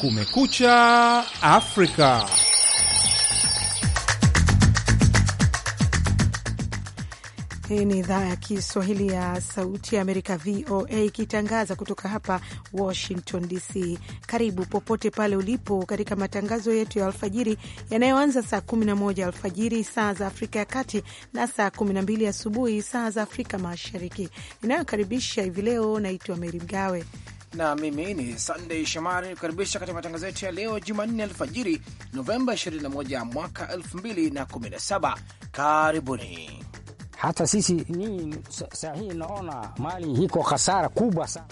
Kumekucha Afrika. Hii ni idhaa ya Kiswahili ya Sauti ya Amerika, VOA, ikitangaza kutoka hapa Washington DC. Karibu popote pale ulipo katika matangazo yetu ya alfajiri yanayoanza saa 11 alfajiri saa za Afrika ya Kati na saa 12 asubuhi saa za Afrika Mashariki. Inayokaribisha hivi leo naitwa Meri Mgawe na mimi ni Sunday Shomari nikukaribisha katika matangazo yetu ya leo Jumanne alfajiri Novemba 21 mwaka 2017. Karibuni. Hata sisi nyinyi saa hii naona mali hiko hasara kubwa sana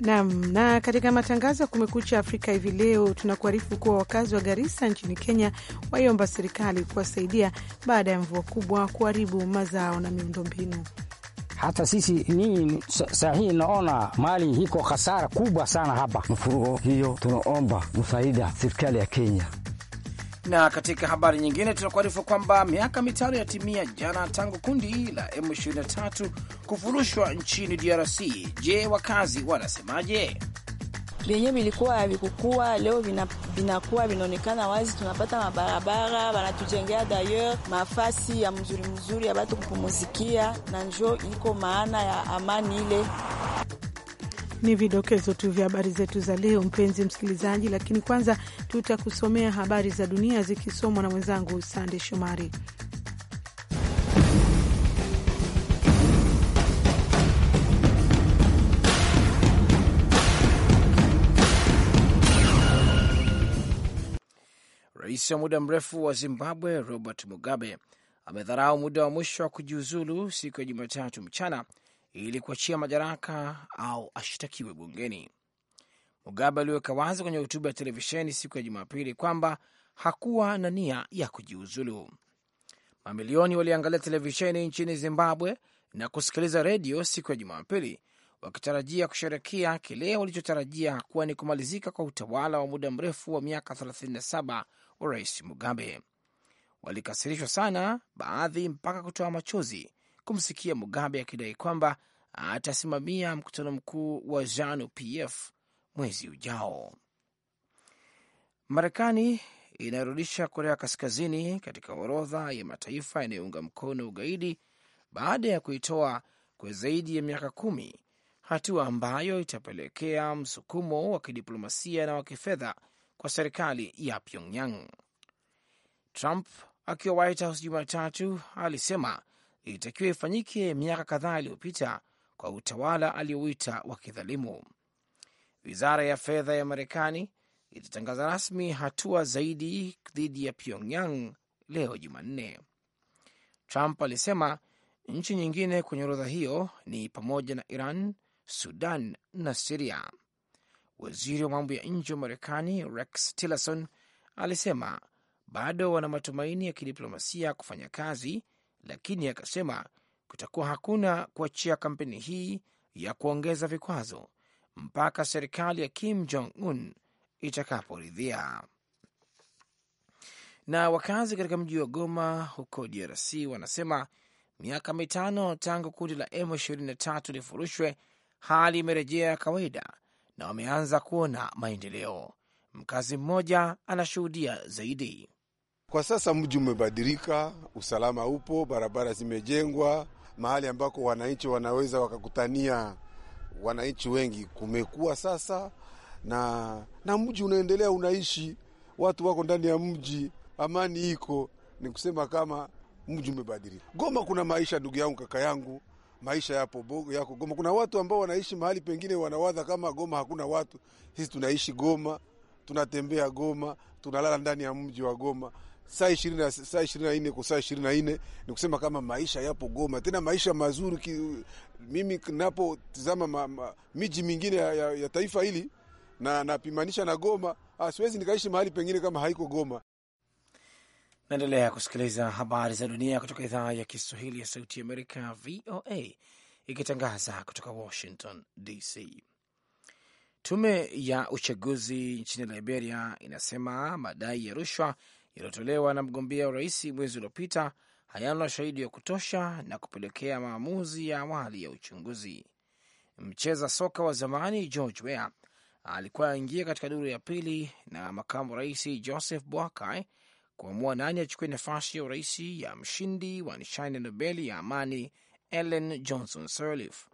Nam na katika matangazo ya Kumekucha Afrika hivi leo tunakuarifu kuwa wakazi wa Garisa nchini Kenya waiomba serikali kuwasaidia baada ya mvua kubwa kuharibu mazao na miundombinu. Hata sisi ninyi saa hii naona mali hiko hasara kubwa sana hapa mfuruo hiyo, tunaomba msaada serikali ya Kenya. Na katika habari nyingine tunakuarifu kwamba miaka mitano yatimia jana tangu kundi la M23 kufurushwa nchini DRC. Je, wakazi wanasemaje? Vyenyewe vilikuwa havikukua, leo vinakuwa vinaonekana wazi, tunapata mabarabara, wanatujengea dayer mafasi ya mzuri mzuri ya watu kupumuzikia, na njo iko maana ya amani ile. Ni vidokezo tu vya habari zetu za leo, mpenzi msikilizaji, lakini kwanza tutakusomea habari za dunia zikisomwa na mwenzangu Sande Shomari. wa muda mrefu wa Zimbabwe Robert Mugabe amedharau muda wa mwisho wa kujiuzulu siku ya Jumatatu mchana ili kuachia madaraka au ashtakiwe bungeni. Mugabe aliweka wazi kwenye hotuba ya televisheni siku ya Jumapili kwamba hakuwa na nia ya kujiuzulu. Mamilioni waliangalia televisheni nchini Zimbabwe na kusikiliza redio siku ya Jumapili wakitarajia kusherekea kile walichotarajia kuwa ni kumalizika kwa utawala wa muda mrefu wa miaka wa Rais Mugabe. Walikasirishwa sana, baadhi mpaka kutoa machozi kumsikia Mugabe akidai kwamba atasimamia mkutano mkuu wa ZANU PF mwezi ujao. Marekani inarudisha Korea Kaskazini katika orodha ya mataifa yanayounga mkono ugaidi baada ya kuitoa kwa zaidi ya miaka kumi, hatua ambayo itapelekea msukumo wa kidiplomasia na wa kifedha kwa serikali ya Pyongyang. Trump akiwa White House Jumatatu alisema ilitakiwa ifanyike miaka kadhaa iliyopita kwa utawala aliyoita wa kidhalimu. Wizara ya fedha ya Marekani itatangaza rasmi hatua zaidi dhidi ya Pyongyang leo Jumanne. Trump alisema nchi nyingine kwenye orodha hiyo ni pamoja na Iran, Sudan na Siria. Waziri wa mambo ya nje wa Marekani Rex Tillerson alisema bado wana matumaini ya kidiplomasia kufanya kazi, lakini akasema kutakuwa hakuna kuachia kampeni hii ya kuongeza vikwazo mpaka serikali ya Kim Jong Un itakaporidhia. Na wakazi katika mji wa Goma huko DRC wanasema miaka mitano tangu kundi la M23 lifurushwe, hali imerejea kawaida na wameanza kuona maendeleo. Mkazi mmoja anashuhudia zaidi. Kwa sasa mji umebadilika, usalama upo, barabara zimejengwa, mahali ambako wananchi wanaweza wakakutania, wananchi wengi kumekuwa sasa, na na mji unaendelea unaishi, watu wako ndani ya mji, amani iko. Ni kusema kama mji umebadilika. Goma kuna maisha, ndugu yangu, kaka yangu, maisha yapo Bogo, yako Goma. Kuna watu ambao wanaishi mahali pengine wanawadha kama Goma hakuna watu. Sisi tunaishi Goma, tunatembea Goma, tunalala ndani ya mji wa Goma saa ishirini saa ishirini na nne kwa saa ishirini na nne ni kusema kama maisha yapo Goma, tena maisha mazuri ki, mimi napotizama ma, ma, miji mingine ya, ya, ya taifa hili na napimanisha na Goma, ah, siwezi nikaishi mahali pengine kama haiko Goma. Naendelea kusikiliza habari za dunia kutoka idhaa ya Kiswahili ya Sauti ya Amerika, VOA, ikitangaza kutoka Washington DC. Tume ya uchaguzi nchini Liberia inasema madai ya rushwa yaliyotolewa na mgombea urais mwezi uliopita hayana shahidi ya kutosha na kupelekea maamuzi ya awali ya uchunguzi. Mcheza soka wa zamani George Weah alikuwa aingia katika duru ya pili na makamu rais Joseph Boakai kuamua nani achukue nafasi ya urais ya mshindi wa nishani ya Nobeli ya amani Ellen Johnson Sirleaf,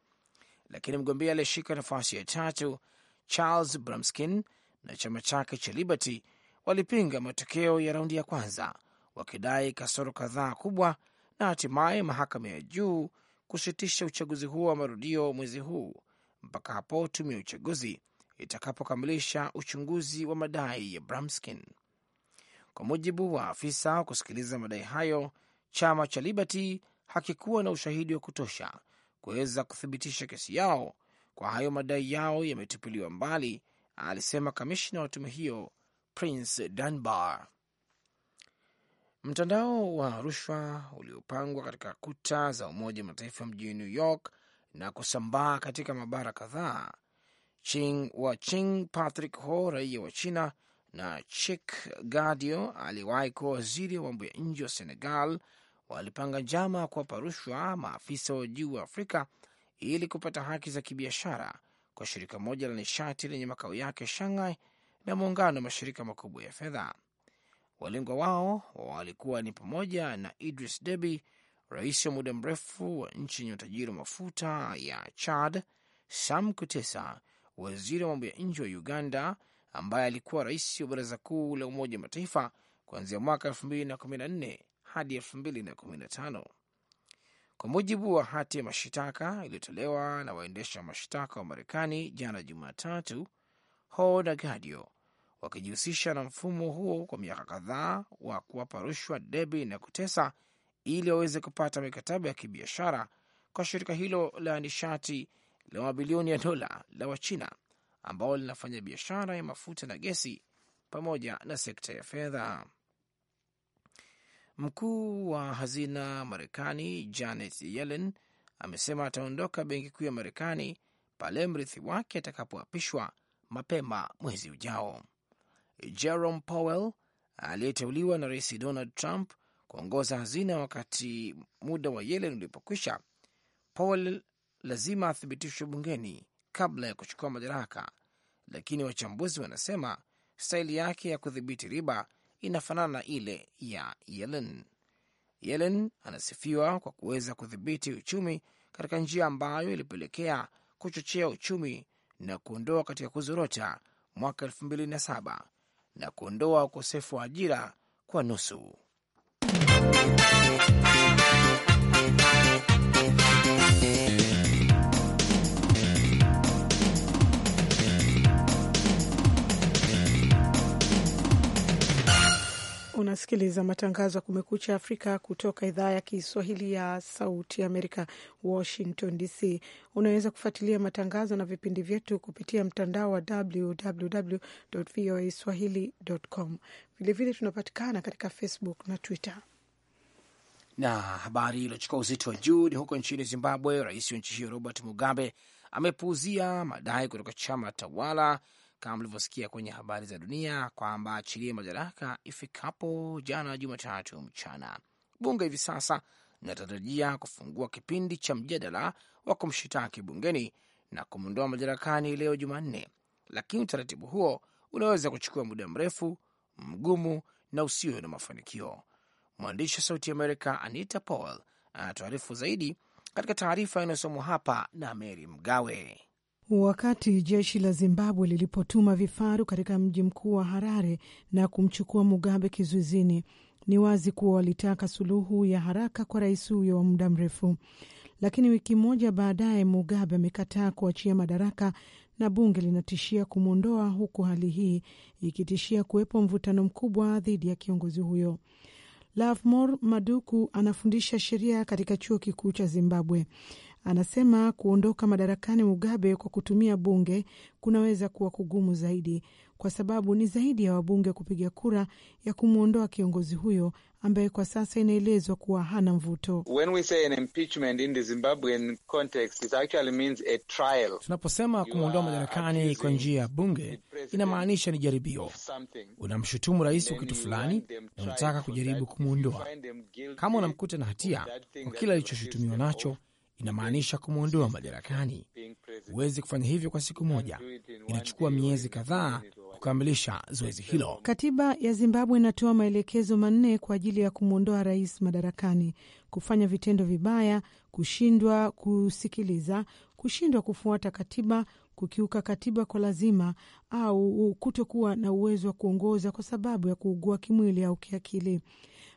lakini mgombea aliyeshika nafasi ya tatu Charles Bramskin na chama chake cha Liberty walipinga matokeo ya raundi ya kwanza wakidai kasoro kadhaa kubwa, na hatimaye mahakama ya juu kusitisha uchaguzi huo wa marudio mwezi huu mpaka hapo tume ya uchaguzi itakapokamilisha uchunguzi wa madai ya Bramskin. Kwa mujibu wa afisa wa kusikiliza madai hayo, chama cha Liberty hakikuwa na ushahidi wa kutosha kuweza kuthibitisha kesi yao, kwa hayo madai yao yametupiliwa mbali, alisema kamishna wa tume hiyo Prince Dunbar. Mtandao wa rushwa uliopangwa katika kuta za Umoja wa Mataifa mjini New York na kusambaa katika mabara kadhaa. Ching wa Ching Patrick Ho, raia wa China na Chik Gadio aliyewahi kuwa waziri wa mambo ya nje wa Senegal walipanga njama ya kuwapa rushwa maafisa wa juu wa Afrika ili kupata haki za kibiashara kwa shirika moja la nishati lenye makao yake Shanghai na muungano wa mashirika makubwa ya fedha. Walengwa wao walikuwa ni pamoja na Idris Deby, rais wa muda mrefu wa nchi yenye utajiri wa mafuta ya Chad, Sam Kutesa, waziri wa mambo ya nje wa Uganda ambaye alikuwa rais wa Baraza Kuu la Umoja wa Mataifa kuanzia mwaka 2014 hadi 2015. Kwa mujibu wa hati ya mashitaka iliyotolewa na waendesha mashtaka wa Marekani jana Jumatatu, Ho na Gadio wakijihusisha na mfumo huo kwa miaka kadhaa wa kuwapa rushwa, debi na kutesa ili waweze kupata mikataba ya kibiashara kwa shirika hilo la nishati la mabilioni ya dola la Wachina ambao linafanya biashara ya mafuta na gesi pamoja na sekta ya fedha. Mkuu wa hazina Marekani Janet Yellen amesema ataondoka benki kuu ya Marekani pale mrithi wake atakapoapishwa mapema mwezi ujao. Jerome Powell aliyeteuliwa na Rais Donald Trump kuongoza hazina wakati muda wa Yellen ulipokwisha, Powell lazima athibitishwe bungeni kabla ya kuchukua madaraka, lakini wachambuzi wanasema staili yake ya kudhibiti riba inafanana na ile ya Yellen. Yellen anasifiwa kwa kuweza kudhibiti uchumi katika njia ambayo ilipelekea kuchochea uchumi na kuondoa katika kuzorota mwaka 2007 na kuondoa ukosefu wa ajira kwa nusu. Unasikiliza matangazo ya Kumekucha Afrika kutoka idhaa ya Kiswahili ya Sauti Amerika, Washington DC. Unaweza kufuatilia matangazo na vipindi vyetu kupitia mtandao wa www voa swahili.com. Vilevile tunapatikana katika Facebook na Twitter. Na habari iliochukua uzito wa juu ni huko nchini Zimbabwe. Rais wa nchi hiyo Robert Mugabe amepuuzia madai kutoka chama tawala kama mlivyosikia kwenye habari za dunia kwamba achilie madaraka ifikapo jana Jumatatu mchana. Bunge hivi sasa linatarajia kufungua kipindi cha mjadala wa kumshitaki bungeni na kumwondoa madarakani leo Jumanne, lakini utaratibu huo unaweza kuchukua muda mrefu, mgumu na usio na mafanikio. Mwandishi wa Sauti Amerika Anita Paul anatuarifu zaidi katika taarifa inayosomwa hapa na Meri Mgawe. Wakati jeshi la Zimbabwe lilipotuma vifaru katika mji mkuu wa Harare na kumchukua Mugabe kizuizini, ni wazi kuwa walitaka suluhu ya haraka kwa rais huyo wa muda mrefu. Lakini wiki moja baadaye, Mugabe amekataa kuachia madaraka na bunge linatishia kumwondoa, huku hali hii ikitishia kuwepo mvutano mkubwa dhidi ya kiongozi huyo. Lovemore Maduku anafundisha sheria katika chuo kikuu cha Zimbabwe. Anasema kuondoka madarakani Mugabe kwa kutumia bunge kunaweza kuwa kugumu zaidi, kwa sababu ni zaidi ya wabunge kupiga kura ya kumwondoa kiongozi huyo ambaye kwa sasa inaelezwa kuwa hana mvuto. Tunaposema kumwondoa madarakani kwa njia ya bunge, inamaanisha ni jaribio. Unamshutumu rais wa kitu fulani na unataka kujaribu kumwondoa. Kama unamkuta na hatia kwa kile alichoshutumiwa nacho inamaanisha kumwondoa madarakani. Huwezi kufanya hivyo kwa siku moja, inachukua miezi kadhaa kukamilisha zoezi hilo. Katiba ya Zimbabwe inatoa maelekezo manne kwa ajili ya kumwondoa rais madarakani: kufanya vitendo vibaya, kushindwa kusikiliza, kushindwa kufuata katiba, kukiuka katiba kwa lazima, au kutokuwa na uwezo wa kuongoza kwa sababu ya kuugua kimwili au kiakili.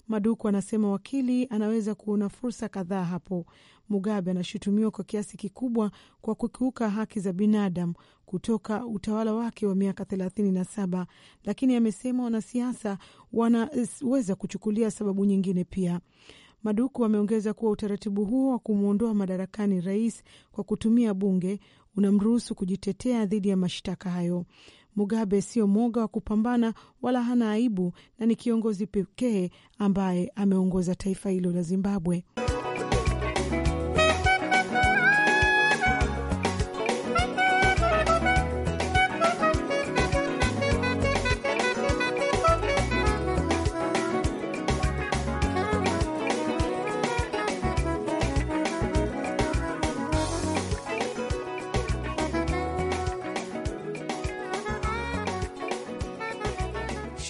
Maduku anasema wakili anaweza kuona fursa kadhaa hapo. Mugabe anashutumiwa kwa kiasi kikubwa kwa kukiuka haki za binadamu kutoka utawala wake wa miaka thelathini na saba, lakini amesema wanasiasa wanaweza kuchukulia sababu nyingine pia. Maduku ameongeza kuwa utaratibu huo wa kumwondoa madarakani rais kwa kutumia bunge unamruhusu kujitetea dhidi ya mashtaka hayo. Mugabe sio mwoga wa kupambana wala hana aibu, na ni kiongozi pekee ambaye ameongoza taifa hilo la Zimbabwe.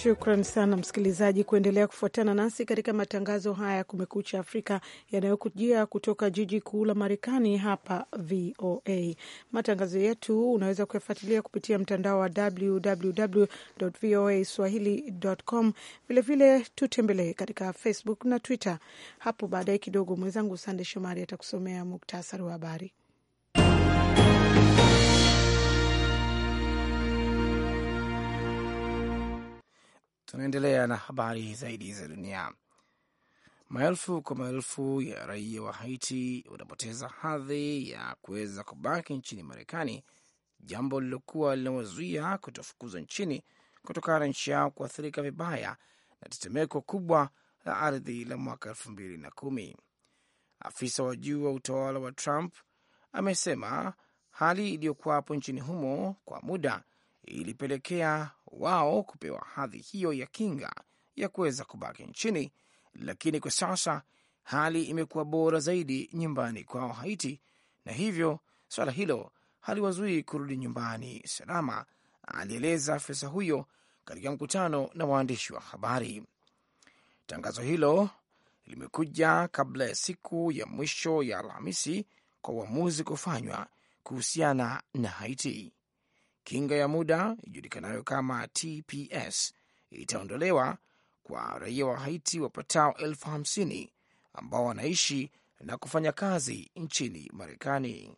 Shukran sana msikilizaji kuendelea kufuatana nasi katika matangazo haya ya Kumekucha Afrika yanayokujia kutoka jiji kuu la Marekani, hapa VOA. Matangazo yetu unaweza kuyafuatilia kupitia mtandao wa www voa swahili.com. Vilevile tutembelee katika Facebook na Twitter. Hapo baadaye kidogo, mwenzangu Sande Shomari atakusomea muktasari wa habari. Tunaendelea na habari zaidi za dunia. Maelfu kwa maelfu ya raia wa Haiti wanapoteza hadhi ya kuweza kubaki nchini Marekani, jambo lililokuwa linawazuia kutofukuzwa nchini kutokana na nchi yao kuathirika vibaya na tetemeko kubwa la ardhi la mwaka elfu mbili na kumi. Afisa wa juu wa utawala wa Trump amesema hali iliyokuwapo nchini humo kwa muda ilipelekea wao kupewa hadhi hiyo ya kinga ya kuweza kubaki nchini, lakini kwa sasa hali imekuwa bora zaidi nyumbani kwao Haiti, na hivyo swala hilo haliwazuii kurudi nyumbani salama, alieleza afisa huyo katika mkutano na waandishi wa habari. Tangazo hilo limekuja kabla ya siku ya mwisho ya Alhamisi kwa uamuzi kufanywa kuhusiana na Haiti. Kinga ya muda ijulikanayo kama TPS itaondolewa kwa raia wa Haiti wapatao elfu hamsini ambao wanaishi na kufanya kazi nchini Marekani.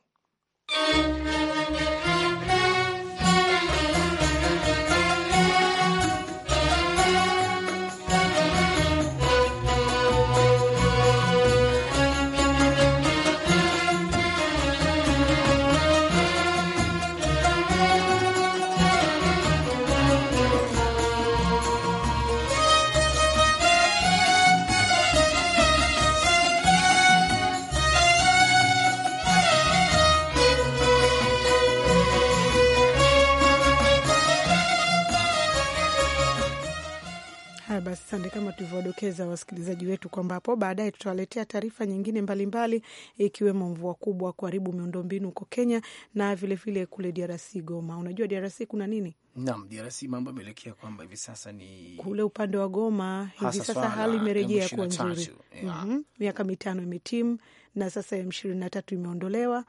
Basi sande, kama tulivyodokeza wasikilizaji wetu kwamba hapo baadaye tutawaletea taarifa nyingine mbalimbali, ikiwemo mvua kubwa kuharibu miundombinu huko Kenya na vilevile vile kule DRC Goma. Unajua DRC kuna nini? Naam, DRC mambo ameelekea kwamba hivi sasa ni kule upande wa Goma, hivi sasa hali imerejea kuwa nzuri. Mhm, miaka mitano imetimu na sasa m ishirini na tatu imeondolewa.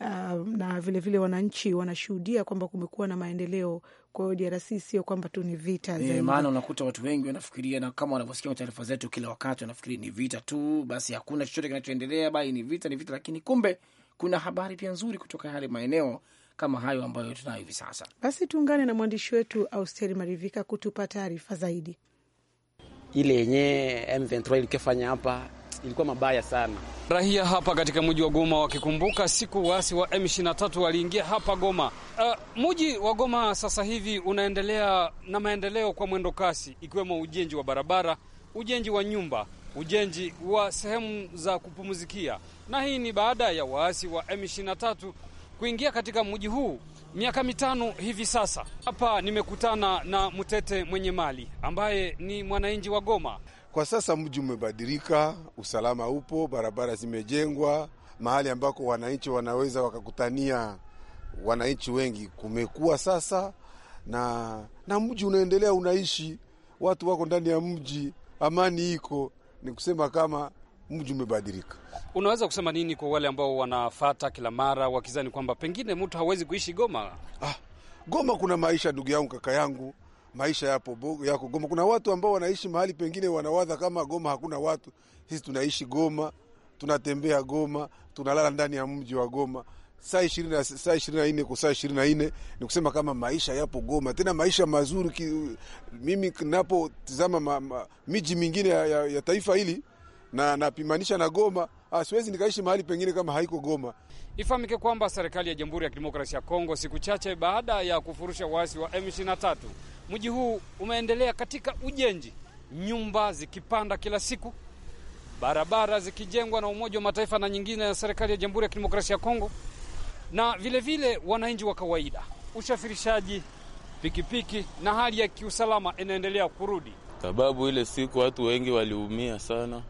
Uh, na vilevile vile wananchi wanashuhudia kwamba kumekuwa na maendeleo kwa hiyo DRC sio kwamba tu ni vita e, maana unakuta watu wengi wanafikiria na kama wanavyosikia taarifa zetu kila wakati wanafikiri ni vita tu, basi hakuna chochote kinachoendelea, bali ni vita, ni vita, lakini kumbe kuna habari pia nzuri kutoka yale maeneo kama hayo ambayo tunayo hivi sasa. Basi tuungane na mwandishi wetu Austeri Marivika kutupa taarifa zaidi. Ile yenyewe M23 ilikifanya hapa ilikuwa mabaya sana. Rahia hapa katika mji wa Goma wakikumbuka siku waasi wa M23 waliingia hapa Goma. Uh, mji wa Goma sasa hivi unaendelea na maendeleo kwa mwendo kasi, ikiwemo ujenzi wa barabara, ujenzi wa nyumba, ujenzi wa sehemu za kupumzikia, na hii ni baada ya waasi wa M23 kuingia katika mji huu miaka mitano hivi sasa. Hapa nimekutana na Mtete mwenye mali ambaye ni mwananchi wa Goma. Kwa sasa mji umebadilika, usalama upo, barabara zimejengwa mahali ambako wananchi wanaweza wakakutania, wananchi wengi kumekuwa sasa, na na mji unaendelea unaishi, watu wako ndani ya mji, amani iko. Ni kusema kama mji umebadilika. Unaweza kusema nini kwa wale ambao wanafata kila mara wakizani kwamba pengine mtu hawezi kuishi Goma? Ah, Goma kuna maisha, ndugu yangu, kaka yangu maisha yapo yako Goma. Kuna watu ambao wanaishi mahali pengine wanawaza kama Goma hakuna watu. Sisi tunaishi Goma, tunatembea Goma, tunalala ndani ya mji wa Goma saa ishirini na nne kwa saa ishirini na nne ni kusema kama maisha yapo Goma, tena maisha mazuri ki, mimi napotizama miji mingine ya, ya, ya taifa hili na napimanisha na Goma, ah, siwezi nikaishi mahali pengine kama haiko Goma. Ifahamike kwamba serikali ya Jamhuri ya Kidemokrasia ya Kongo, siku chache baada ya kufurusha waasi wa M23, mji huu umeendelea katika ujenzi, nyumba zikipanda kila siku, barabara zikijengwa na Umoja wa Mataifa na nyingine ya serikali ya Jamhuri ya Kidemokrasia ya Kongo, na vilevile wananchi wa kawaida, usafirishaji pikipiki na hali ya kiusalama inaendelea kurudi, sababu ile siku watu wengi waliumia sana,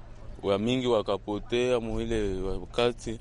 wamingi wakapotea muile wakati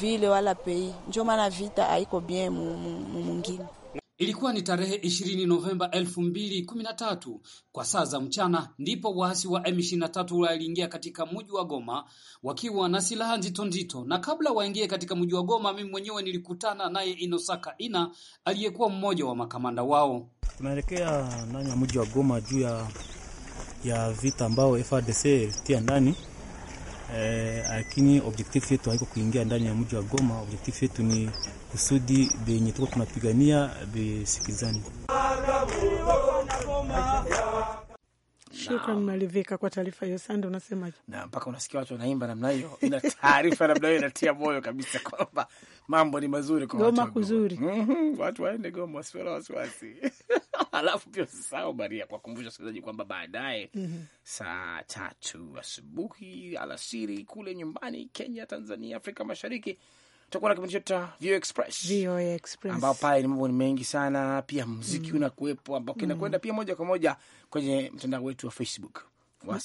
vile wala pei, njo maana vita haiko bien mumungine. Ilikuwa ni tarehe 20 Novemba 2013 kwa saa za mchana, ndipo waasi wa M23 waliingia katika mji wa Goma wakiwa na silaha nzito nzito. Na kabla waingie katika mji wa Goma, mimi mwenyewe nilikutana naye Inosaka Ina aliyekuwa mmoja wa makamanda wao. Tunaelekea ndani ya mji wa Goma juu ya, ya vita ambao FARDC tia ndani Eh, lakini eh, objective yetu haiko kuingia ndani ya mji wa Goma. Objective yetu ni kusudi benye tuko tunapigania bisikizani. Shukran malivika kwa taarifa hiyo. Sande, unasemaje? Na mpaka unasikia watu wanaimba namna hiyo, ina taarifa namna hiyo inatia moyo kabisa kwamba mambo ni mazuri kwa goma kuzuri. Mhm, watu waende Goma, wasiwe wasiwasi. Alafu pia usisahau Maria kuwakumbusha wasikilizaji kwamba baadaye mm -hmm. saa tatu asubuhi alasiri kule nyumbani Kenya, Tanzania, Afrika Mashariki tutakuwa na kipindi chetu cha Express, Express, ambao pale ni mambo ni mengi sana, pia mziki mm. unakuwepo ambao kinakwenda mm. pia moja kwa moja kwenye mtandao wetu wa Facebook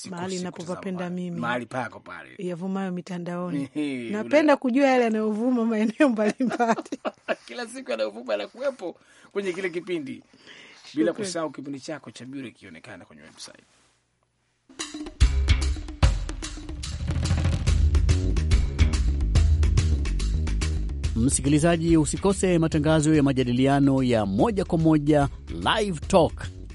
mahali napopapenda mimi, mahali pako pale yavumayo mitandaoni. Napenda kujua yale yanayovuma maeneo mbalimbali kila siku yanayovuma yanakuwepo kwenye kile kipindi, bila kusahau kipindi chako cha bure kionekana kwenye website. Msikilizaji, usikose matangazo ya majadiliano ya moja kwa moja Live Talk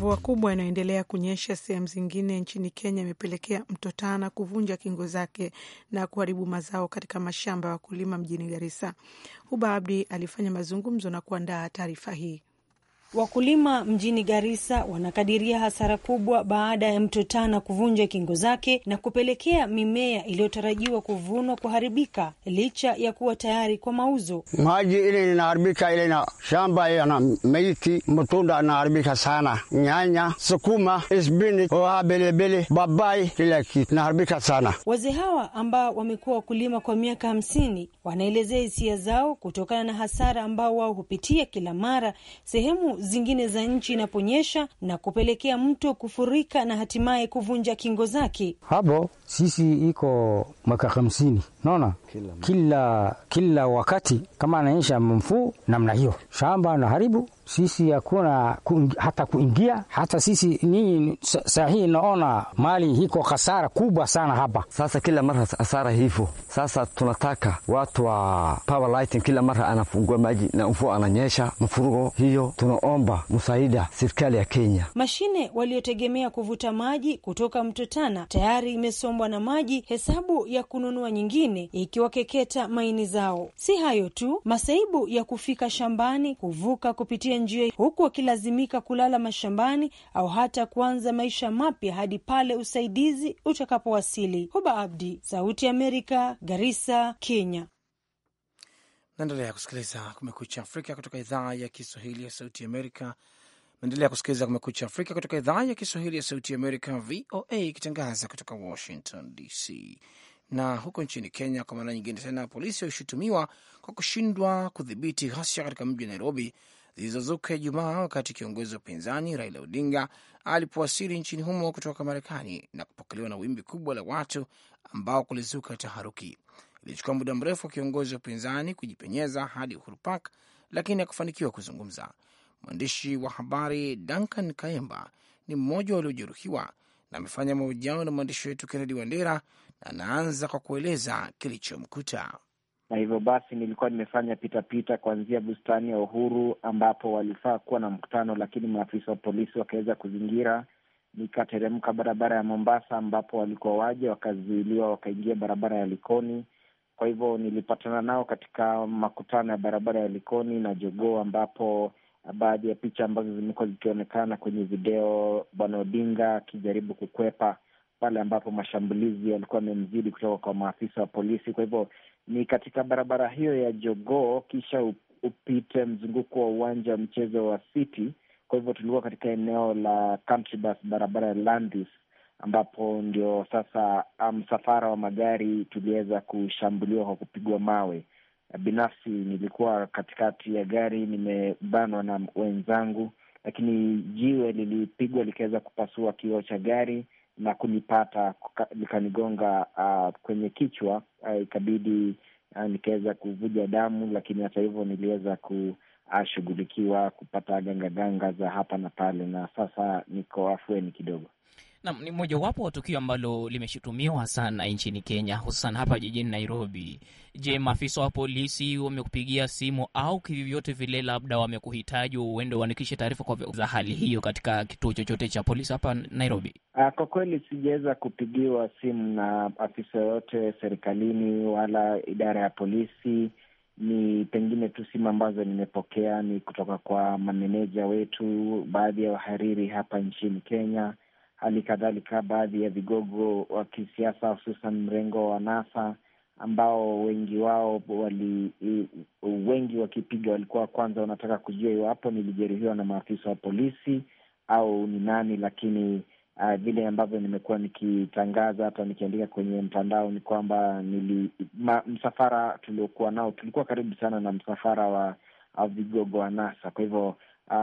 Mvua kubwa inayoendelea kunyesha sehemu zingine nchini Kenya imepelekea mto Tana kuvunja kingo zake na kuharibu mazao katika mashamba ya wakulima mjini Garissa. Huba Abdi alifanya mazungumzo na kuandaa taarifa hii. Wakulima mjini Garissa wanakadiria hasara kubwa baada ya mto Tana kuvunja kingo zake na kupelekea mimea iliyotarajiwa kuvunwa kuharibika licha ya kuwa tayari kwa mauzo. Maji ile inaharibika, ile na shamba yana meiti mtunda anaharibika sana, nyanya, sukuma, isbini, oha, belebele, babai, kila kitu inaharibika sana. Wazee hawa ambao wamekuwa wakulima kwa miaka hamsini wanaelezea hisia zao kutokana na hasara ambao wao hupitia kila mara sehemu zingine za nchi inaponyesha na kupelekea mto kufurika na hatimaye kuvunja kingo zake. Hapo sisi iko mwaka hamsini, naona kila, kila wakati kama anaonyesha mfuu namna hiyo, shamba na haribu sisi hakuna hata kuingia hata sisi ninyi sahii, naona mali hiko hasara kubwa sana hapa. Sasa kila mara hasara hivo sasa tunataka watu wa power lighting, kila mara anafungua maji na mvua ananyesha mfurugo hiyo, tunaomba msaada serikali ya Kenya. Mashine waliotegemea kuvuta maji kutoka mto Tana tayari imesombwa na maji, hesabu ya kununua nyingine ikiwakeketa maini zao. Si hayo tu, masaibu ya kufika shambani, kuvuka kupitia njia, huku wakilazimika kulala mashambani au hata kuanza maisha mapya hadi pale usaidizi utakapowasili. Huba Abdi, Sauti ya Amerika, Garissa, Kenya. Naendelea kusikiliza Kumekucha Afrika kutoka idhaa ya Kiswahili ya Sauti Amerika. Naendelea kusikiliza Kumekucha Afrika kutoka idhaa ya Kiswahili ya Sauti Amerika, VOA, ikitangaza kutoka Washington DC. Na huko nchini Kenya, kwa mara nyingine tena, polisi walishutumiwa kwa kushindwa kudhibiti ghasia katika mji wa Nairobi zilizozuka Ijumaa wakati kiongozi wa upinzani Raila Odinga alipowasili nchini humo kutoka Marekani na kupokelewa na wimbi kubwa la watu ambao kulizuka taharuki. Ilichukua muda mrefu wa kiongozi wa upinzani kujipenyeza hadi Uhuru Park, lakini akufanikiwa kuzungumza. Mwandishi wa habari Duncan Kaemba ni mmoja waliojeruhiwa na amefanya mahojiano na mwandishi wetu Kennedy Wandera, na anaanza kwa kueleza kilichomkuta na hivyo basi nilikuwa nimefanya pitapita kuanzia bustani ya Uhuru ambapo walifaa kuwa na mkutano, lakini maafisa wa polisi wakaweza kuzingira. Nikateremka barabara ya Mombasa ambapo walikuwa waje, wakazuiliwa, wakaingia barabara ya Likoni. Kwa hivyo nilipatana nao katika makutano ya barabara ya Likoni na Jogoo, ambapo baadhi ya picha ambazo zimekuwa zikionekana kwenye video, Bwana Odinga akijaribu kukwepa pale ambapo mashambulizi yalikuwa yamemzidi kutoka kwa maafisa wa polisi. Kwa hivyo ni katika barabara hiyo ya Jogoo, kisha upite mzunguko wa uwanja wa mchezo wa City. Kwa hivyo tulikuwa katika eneo la Country Bus, barabara ya Landis, ambapo ndio sasa msafara um, wa magari tuliweza kushambuliwa kwa kupigwa mawe. Binafsi nilikuwa katikati ya gari, nimebanwa na wenzangu, lakini jiwe lilipigwa likaweza kupasua kioo cha gari na kunipata likanigonga uh, ah, kwenye kichwa uh, ikabidi uh, ah, nikaweza kuvuja damu, lakini hata hivyo niliweza kushughulikiwa kupata gangaganga ganga za hapa na pale, na sasa niko afueni kidogo. Naam, ni mojawapo wa tukio ambalo limeshutumiwa sana nchini Kenya, hususan hapa jijini Nairobi. Je, maafisa wa polisi wamekupigia simu au kivyovyote vile, labda wamekuhitaji uende uandikishe taarifa kwa za hali hiyo katika kituo chochote cha polisi hapa Nairobi? Ah, kwa kweli sijaweza kupigiwa simu na afisa yoyote serikalini wala idara ya polisi. Ni pengine tu simu ambazo nimepokea ni kutoka kwa mameneja wetu, baadhi ya wahariri hapa nchini Kenya hali kadhalika baadhi ya vigogo wa kisiasa hususan mrengo wa NASA ambao wengi wao wali wengi wakipiga walikuwa kwanza wanataka kujua iwapo nilijeruhiwa na maafisa wa polisi au ni nani, lakini uh, vile ambavyo nimekuwa nikitangaza hata nikiandika kwenye mtandao ni kwamba nili ma, msafara tuliokuwa nao tulikuwa karibu sana na msafara wa vigogo wa NASA, kwa hivyo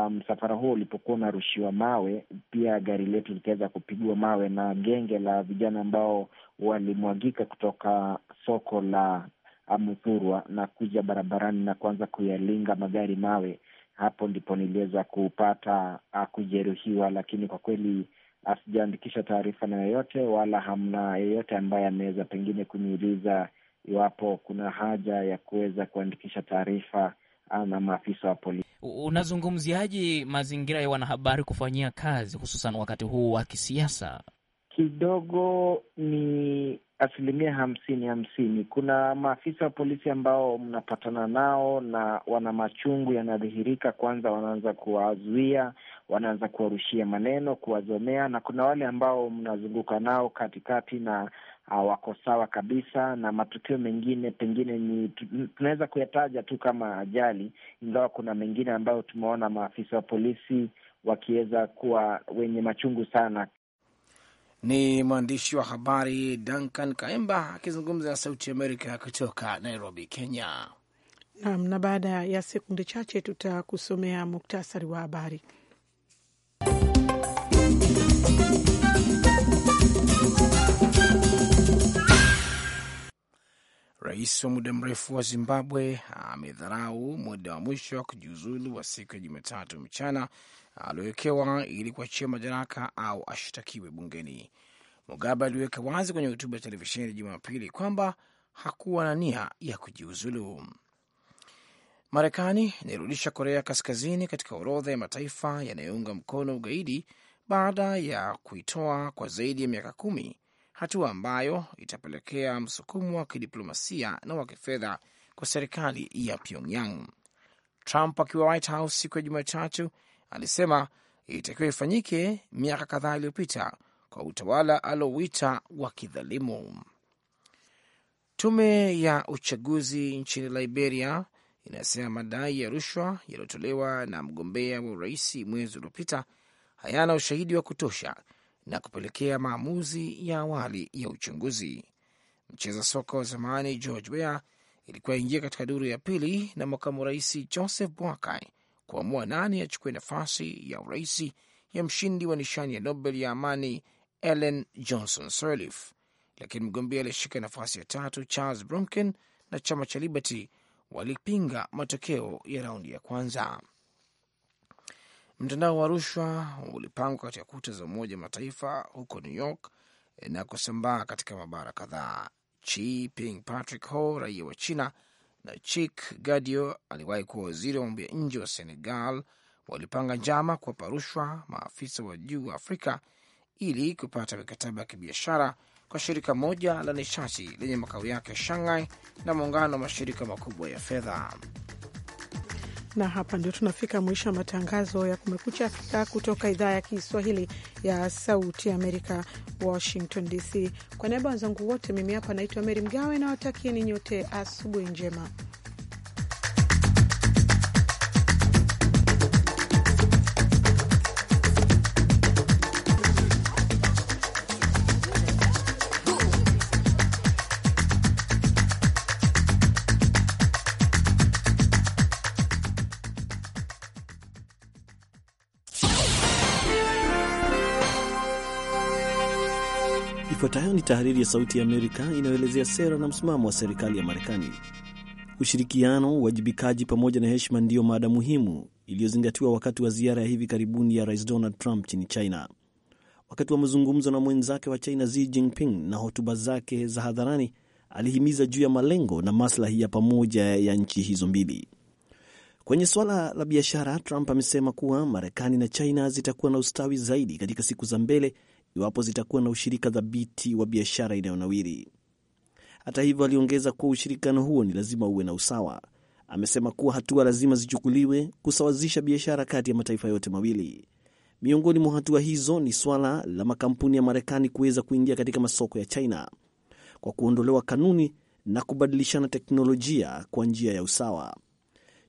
msafara um, huo ulipokuwa unarushiwa mawe, pia gari letu likaweza kupigwa mawe na genge la vijana ambao walimwagika kutoka soko la amuthurwa na kuja barabarani na kuanza kuyalinga magari mawe. Hapo ndipo niliweza kupata ah, kujeruhiwa, lakini kwa kweli ah, sijaandikisha taarifa na yoyote wala hamna yeyote ambaye ameweza pengine kuniuliza iwapo kuna haja ya kuweza kuandikisha taarifa ah, na maafisa wa polisi. Unazungumziaje mazingira ya wanahabari kufanyia kazi hususan wakati huu wa kisiasa? Kidogo ni asilimia hamsini hamsini. Kuna maafisa wa polisi ambao mnapatana nao na wana machungu yanadhihirika, kwanza wanaanza kuwazuia, wanaanza kuwarushia maneno, kuwazomea, na kuna wale ambao mnazunguka nao katikati na wako sawa kabisa, na matukio mengine pengine ni tunaweza kuyataja tu kama ajali, ingawa kuna mengine ambayo tumeona maafisa wa polisi wakiweza kuwa wenye machungu sana. Ni mwandishi wa habari Duncan Kaemba akizungumza na Sauti Amerika kutoka Nairobi, Kenya. Naam, na baada ya sekunde chache tutakusomea muktasari wa habari. Rais wa muda mrefu wa Zimbabwe amedharau muda wa mwisho wa kujiuzulu wa siku ya Jumatatu mchana aliowekewa ili kuachia madaraka au ashtakiwe bungeni. Mugabe aliweka wazi kwenye hotuba ya televisheni Jumapili kwamba hakuwa na nia ya kujiuzulu. Marekani inairudisha Korea Kaskazini katika orodha ya mataifa yanayounga mkono ugaidi baada ya kuitoa kwa zaidi ya miaka kumi hatua ambayo itapelekea msukumo wa kidiplomasia na wa kifedha kwa serikali ya Pyongyang. Trump akiwa White House siku ya Jumatatu alisema ilitakiwa ifanyike miaka kadhaa iliyopita kwa utawala aliowita wa kidhalimu. Tume ya uchaguzi nchini Liberia inasema madai ya rushwa yaliyotolewa na mgombea wa urais mwezi uliopita hayana ushahidi wa kutosha na kupelekea maamuzi ya awali ya uchunguzi. Mcheza soka wa zamani George Weah ilikuwa ingia katika duru ya pili na makamu rais Joseph Boakai kuamua nani achukue nafasi ya uraisi ya mshindi wa nishani ya Nobel ya amani Ellen Johnson Sirleaf, lakini mgombea aliyeshika nafasi ya tatu Charles Bromken na chama cha Liberty walipinga matokeo ya raundi ya kwanza. Mtandao wa rushwa ulipangwa katika kuta za Umoja wa Mataifa huko New York eh, na kusambaa katika mabara kadhaa. Xi Ping Patrick Ho, raia wa China, na Chik Gadio, aliwahi kuwa waziri wa mambo ya nje wa Senegal, walipanga njama kuwapa rushwa maafisa wa juu wa Afrika ili kupata mikataba ya kibiashara kwa shirika moja la nishati lenye makao yake Shanghai na muungano wa mashirika makubwa ya fedha na hapa ndio tunafika mwisho wa matangazo ya Kumekucha Afrika kutoka idhaa ya Kiswahili ya Sauti Amerika, Washington DC. Kwa niaba wenzangu wote, mimi hapa naitwa Meri Mgawe na watakieni nyote asubuhi njema. Ifuatayo ni tahariri ya Sauti ya Amerika inayoelezea sera na msimamo wa serikali ya Marekani. Ushirikiano, uwajibikaji pamoja na heshima ndiyo mada muhimu iliyozingatiwa wakati wa ziara ya hivi karibuni ya Rais Donald Trump nchini China. Wakati wa mazungumzo na mwenzake wa China Xi Jinping na hotuba zake za hadharani, alihimiza juu ya malengo na maslahi ya pamoja ya nchi hizo mbili. Kwenye suala la biashara, Trump amesema kuwa Marekani na China zitakuwa na ustawi zaidi katika siku za mbele iwapo zitakuwa na ushirika thabiti wa biashara inayonawiri. Hata hivyo, aliongeza kuwa ushirikiano huo ni lazima uwe na usawa. Amesema kuwa hatua lazima zichukuliwe kusawazisha biashara kati ya mataifa yote mawili. Miongoni mwa hatua hizo ni swala la makampuni ya Marekani kuweza kuingia katika masoko ya China kwa kuondolewa kanuni na kubadilishana teknolojia kwa njia ya usawa.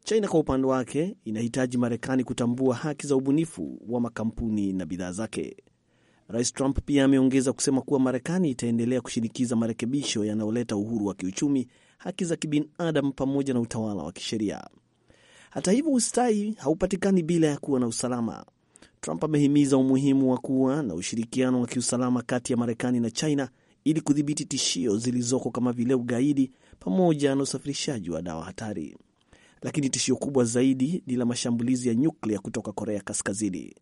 China kwa upande wake inahitaji Marekani kutambua haki za ubunifu wa makampuni na bidhaa zake. Rais Trump pia ameongeza kusema kuwa Marekani itaendelea kushinikiza marekebisho yanayoleta uhuru wa kiuchumi, haki za kibinadamu pamoja na utawala wa kisheria. Hata hivyo, ustawi haupatikani bila ya kuwa na usalama. Trump amehimiza umuhimu wa kuwa na ushirikiano wa kiusalama kati ya Marekani na China ili kudhibiti tishio zilizoko kama vile ugaidi pamoja na usafirishaji wa dawa hatari, lakini tishio kubwa zaidi ni la mashambulizi ya nyuklia kutoka Korea Kaskazini.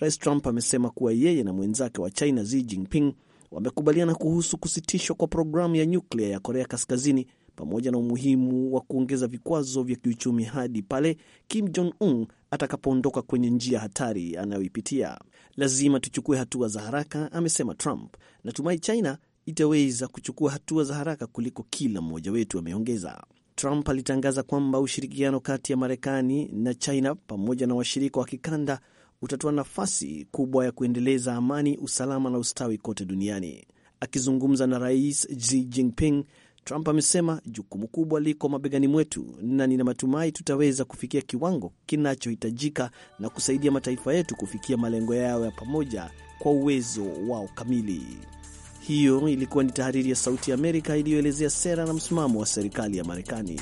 Rais Trump amesema kuwa yeye na mwenzake wa China Xi Jinping wamekubaliana kuhusu kusitishwa kwa programu ya nyuklia ya Korea Kaskazini pamoja na umuhimu wa kuongeza vikwazo vya kiuchumi hadi pale Kim Jong Un atakapoondoka kwenye njia hatari anayoipitia. Lazima tuchukue hatua za haraka, amesema Trump. Natumai China itaweza kuchukua hatua za haraka kuliko kila mmoja wetu, ameongeza. Trump alitangaza kwamba ushirikiano kati ya Marekani na China pamoja na washirika wa kikanda utatoa nafasi kubwa ya kuendeleza amani, usalama na ustawi kote duniani. Akizungumza na Rais Xi Jinping, Trump amesema jukumu kubwa liko mabegani mwetu na nina matumai tutaweza kufikia kiwango kinachohitajika na kusaidia mataifa yetu kufikia malengo yao ya pamoja kwa uwezo wao kamili. Hiyo ilikuwa ni tahariri ya Sauti ya Amerika iliyoelezea sera na msimamo wa serikali ya Marekani.